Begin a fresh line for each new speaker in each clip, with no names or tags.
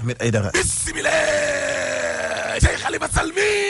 Ahmed Aïdara bismillah Cheikh Khalifa Sall mi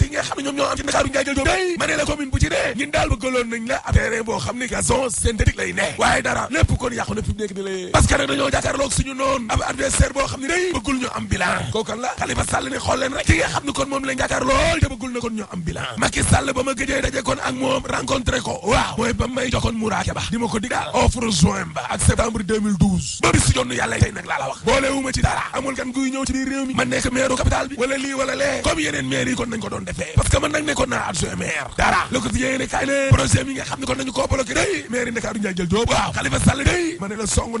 ñeent yi nga xam ne ñoom ñoo am ci Ndakaaru Njaay jël Jóob day ma ne la commune bu ci ne ñun daal bëggaloon nañ la ab terrain boo xam ni gazon synthétique lay ne waaye dara lépp kon yàqu na fi mu nekk ni lay parce que nag dañoo jàkkaarloog suñu noonu ab adversaire boo xam ne day bëggul ñu am bilan kookan la Khalifa Sall ni xool leen rek ki nga xam ne kon moom lañ jàkkaarlool te bëggul na kon ñu am bilan Macky Sall ba ma gëjee daje kon ak moom rencontré ko waaw mooy ba may joxoon Mourake Ba di ma ko dig daal offre juin ba ak septembre 2012 ba bis si jonn yàlla tey nag laa la wax boolewuma ci dara amul kan guy ñëw ci biir réew mi man nekk maire capitale bi wala lii wala lee comme yeneen maire yi kon nañ ko doon defee parce que man nag nekkoon naa adjoint maire dara le quotidien ne kaay ne nga xam ne kon nañu koo bloqué day maire Ndakaaru Ndiaye jël waaw Khalifa Sall day ma ne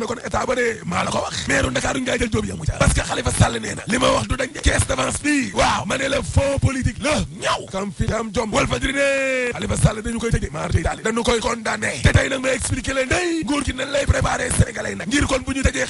kon état de maa la ko wax maire Ndakaaru Ndiaye jël Diop yamu ca parce que Khalifa nee na li ma wax du dañ de caisse bi waaw ma ne la la ñaw kam fi am jom wal fajri ne Khalifa Sall dañu koy tëj maar tey daal dañu koy kon bu ñu tëjee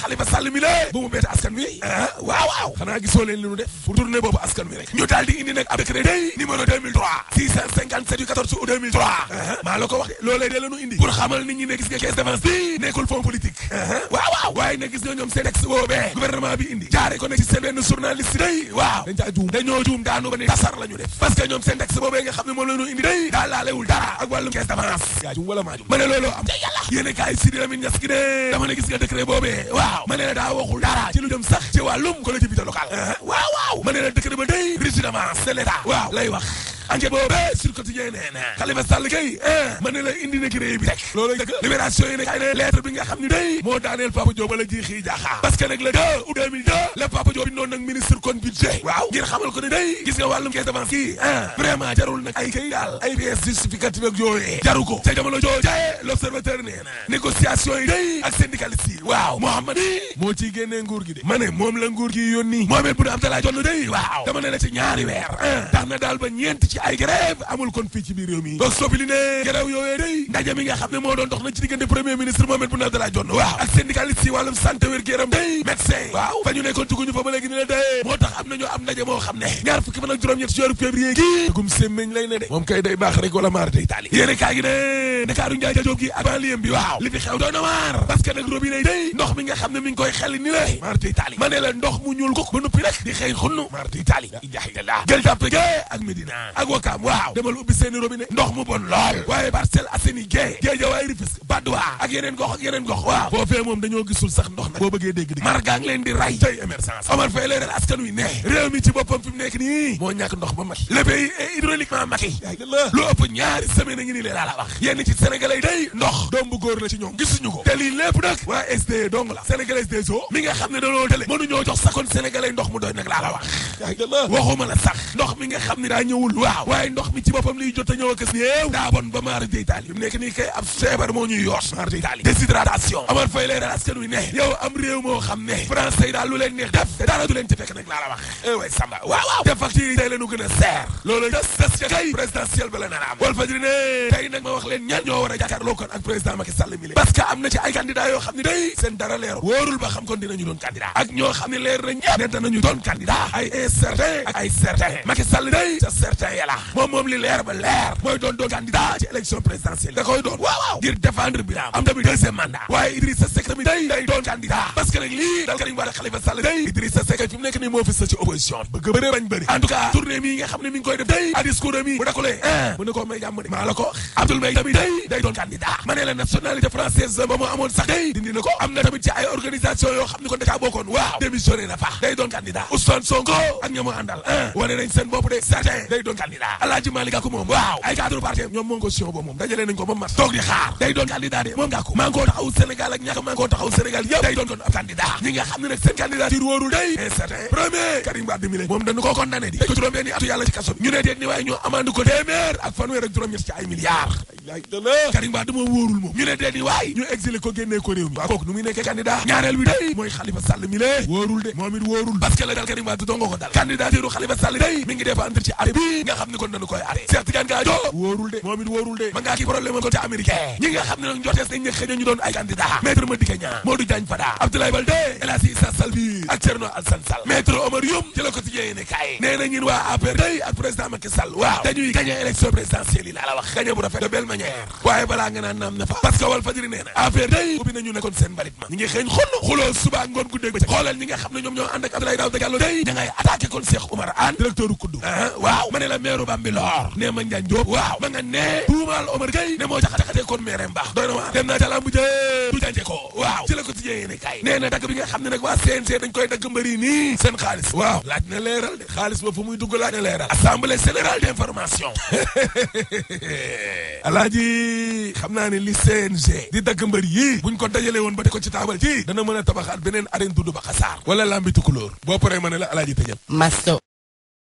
ah. nag ab décret bi numéro 2003 657 du 14 août 2003 uh-huh. maa la ko wax loolee de la ñu indi pour xamal nit ñi ne gis nga caisse d'avance bi nekkul fonds politique uh-huh. waaw waaw waaye nag gis nga ñoom seen ex boobee gouvernement bi indi jaare ko nag ci seen benn journaliste day waaw dañ caa juum dañoo juum daanu ba ne tasar la ñu def ñoom seen ex nga xam ne moom la ñu indi day daa laalewul dara ak wàllum caisse d'avance yaa juum ma ne am ca yàlla yéene kaay Sidi Lamine Niass de dama gis nga décret boobee waaw ma la daa waxul dara ci lu jëm sax ci wàllum collectivité locale waaw waaw ma la décret ba day résidence de l'état waaw lay wax enquête boobee sur quotidien nee na Khalifa Sall kay a mën ne la indi na ki réew bi rek loolu dëgg libération yi ne kay ne lettre bi nga xam ne day moo daaneel Papa Diop wala jii xii jaaxaa parce que nag le 2 août 2002 la Papa Diop bi noonu nag ministre kon budget waaw ngir xamal ko ne day gis nga wàllum caisse d'avance kii a vraiment jarul nag ay kay daal ay pièces justificatives ak yooyee jaru ko ca jamono joo jaye l'observateur nee na négociation yi day ak syndicalistes yi waaw Mouhamad moo ciy génnee nguur gi de ma ne moom la nguur gi yónni Mohamed Boun Abdallah Dionne day waaw dama ne la ci ñaari weer tax na daal ba ñeent ci ay grève amul kon fii biir réew mi donc soobi li ne day ndaje mi xam ne moo doon dox na ci diggante premier ministre Mahammed Boun Abdallah Dionne waaw ak syndicaliste yi wàllum santé wér gu yaram day médecin waaw fa ñu nekkoon juguñu fa ba léegi ni la day moo xam ne ñaar fukki fan ak juróom gi gum moom kay day baax rek wala maar day taali yéene kaa ne Ndakaaru njaay jajoo gi ak banlieue bi waaw li fi xew doy na waar parce que nag robinet day ndox mi nga xam ko ba noppi ak wakaam waaw demal ubbi seeni robinet ndox mu bon lool waaye Parcelles Assainies gee Guédiawaye Rufisque Badouas ak yeneen gox ak yeneen gox waaw foofee moom dañoo gisul sax ndox nag boo bëggee dégg dégg mar leen di ray tey émergence Omar Faye leeral askan wi ne réew mi ci boppam fi mu nekk nii moo ñàkk ndox ba mat le pays est hydrauliquement maquillé lu ëpp ñaari semaine a ngi nii lee laa la wax yenn ci sénégalais yi day ndox doom bu góor la ci ñoom gisuñu ko te waaw waaye ndox mi ci boppam liy jot a ñëw ak néew daa bon ba maara day taali bi nii kay ab feebar moo ñuy yoos maara day taali déshydratation amar fay leeral askan wi ne yow am daal lu du leen ci fekk nag laa wax eh way samba waaw waaw te facture yi tey a seer loolu des des ca kay présidentiel ba la nar a am wal fajri nag ma wax leen ñan ñoo war a jàkkaarloo kon ak président Macky Sall mi parce que am na ci ay candidat yoo xam ne day seen dara leeru yàlla ah. moom moom li leer ba leer mooy doon doon candidat ci élection présidentielle da doon waaw waaw ngir défendre am tamit deuxième mandat waaye Idrissa Seck tamit day doon candidat parce que nag dal Karim Wade Khalifa Sall day Idrissa Seck fi mu nekk nii moo fi sa ci opposition bëgg bëre bañ bëri en tournée mi nga xam ne mi koy def day à discours mi bu dakulee a mën na koo may jàmm de la ko wax Abdoul Mbaye day day doon candidat ma ne la nationalité française candidat Alaaji Malick Gakou moom ay cadre parti ñoom moom ko sion moom dajalee nañ ko ba mat di xaar day doon candidat de moom Gakou maa ngi koo taxaw Sénégal ak ñàkk maa ngi koo day doon kon ab candidat ñi nga xam moom dañu ko juróom benni atu yàlla ak fanweer ak juróom ñett moom wóorul moom moom it wóorul parce que dal Karim Wade dongo ko dal candidature Khalifa Sall day mi ngi dépendre ci at xam ni kon dañu koy arrêté Cheikh Tidiane Gadio wóorul de moom it wóorul de man ngaa kii problème kon ca américain eh. ñi nga xam ne nag njortees nañ ne xëy ñu doon ay candidat maître Madické Niang Modou Diagne Fada Abdoulaye Baldé El Hadji Issa Sall bi ak Thierno Alassane Sall maître Omar Youm ci la quotidien yi ne kaay nee na ñun waa APR day ak président Macky Sall waaw dañuy gagné élection présidentielle yi laa la wax gagné bu rafet de belle manière waaye balaa nga naan naam na fa parce que Walf Fadjri nee na APR day ubbi nañu nekkoon seen mbalit ma ñi ngi xëeñ xonn xuloo suba ngoon guddeeg bëccëg xoolal ñi nga xam ne ñoom ñoo ànd ak Abdoulaye Daouda Diallo day da ngay attaqué kon Cheikh Oumar Anne directeur u kudd ah, waaw ma ne la maire Bambilor ne ma Ndiagne waaw ma nga ne tuumaal Omar Gueye ne moo jaxataxatee kon maire mbaax doy na waa dem naa ca lambu jë du jànje ko waaw ci la ko tijjee yéene kay nee na dagg bi nga xam ne nag waa CNG dañ koy dagg mbëri nii seen xaalis waaw laaj na leeral de xaalis ba fu muy dugg laaj na leeral assemblée générale d'information alaaji xam naa ne li CNG di dagg mbëri yii buñ dajale woon ba di ko ci taabal ci dana mën a tabaxaat beneen arène dudd ba xasaar wala lambi tukulóor boo paree ma ne la alaaji